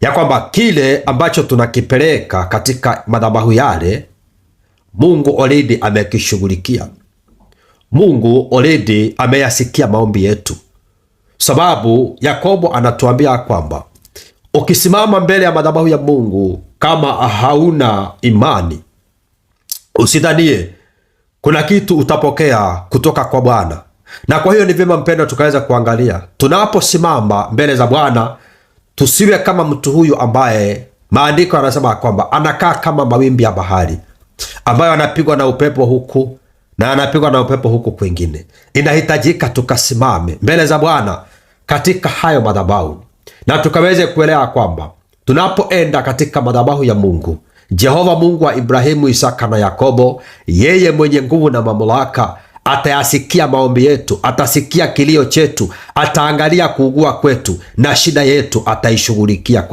ya kwamba kile ambacho tunakipeleka katika madhabahu yale Mungu already amekishughulikia. Mungu already ameyasikia maombi yetu, sababu Yakobo anatuambia kwamba ukisimama mbele ya madhabahu ya Mungu kama hauna imani, usidhanie kuna kitu utapokea kutoka kwa Bwana. Na kwa hiyo ni vyema mpendwa, tukaweza kuangalia tunaposimama mbele za Bwana tusiwe kama mtu huyu ambaye maandiko yanasema kwamba anakaa kama mawimbi ya bahari ambayo anapigwa na upepo huku na anapigwa na upepo huku kwingine. Inahitajika tukasimame mbele za Bwana katika hayo madhabahu na tukaweze kuelewa kwamba tunapoenda katika madhabahu ya Mungu, Jehova Mungu wa Ibrahimu, Isaka na Yakobo, yeye mwenye nguvu na mamlaka atayasikia maombi yetu, atasikia kilio chetu, ataangalia kuugua kwetu na shida yetu ataishughulikia kwa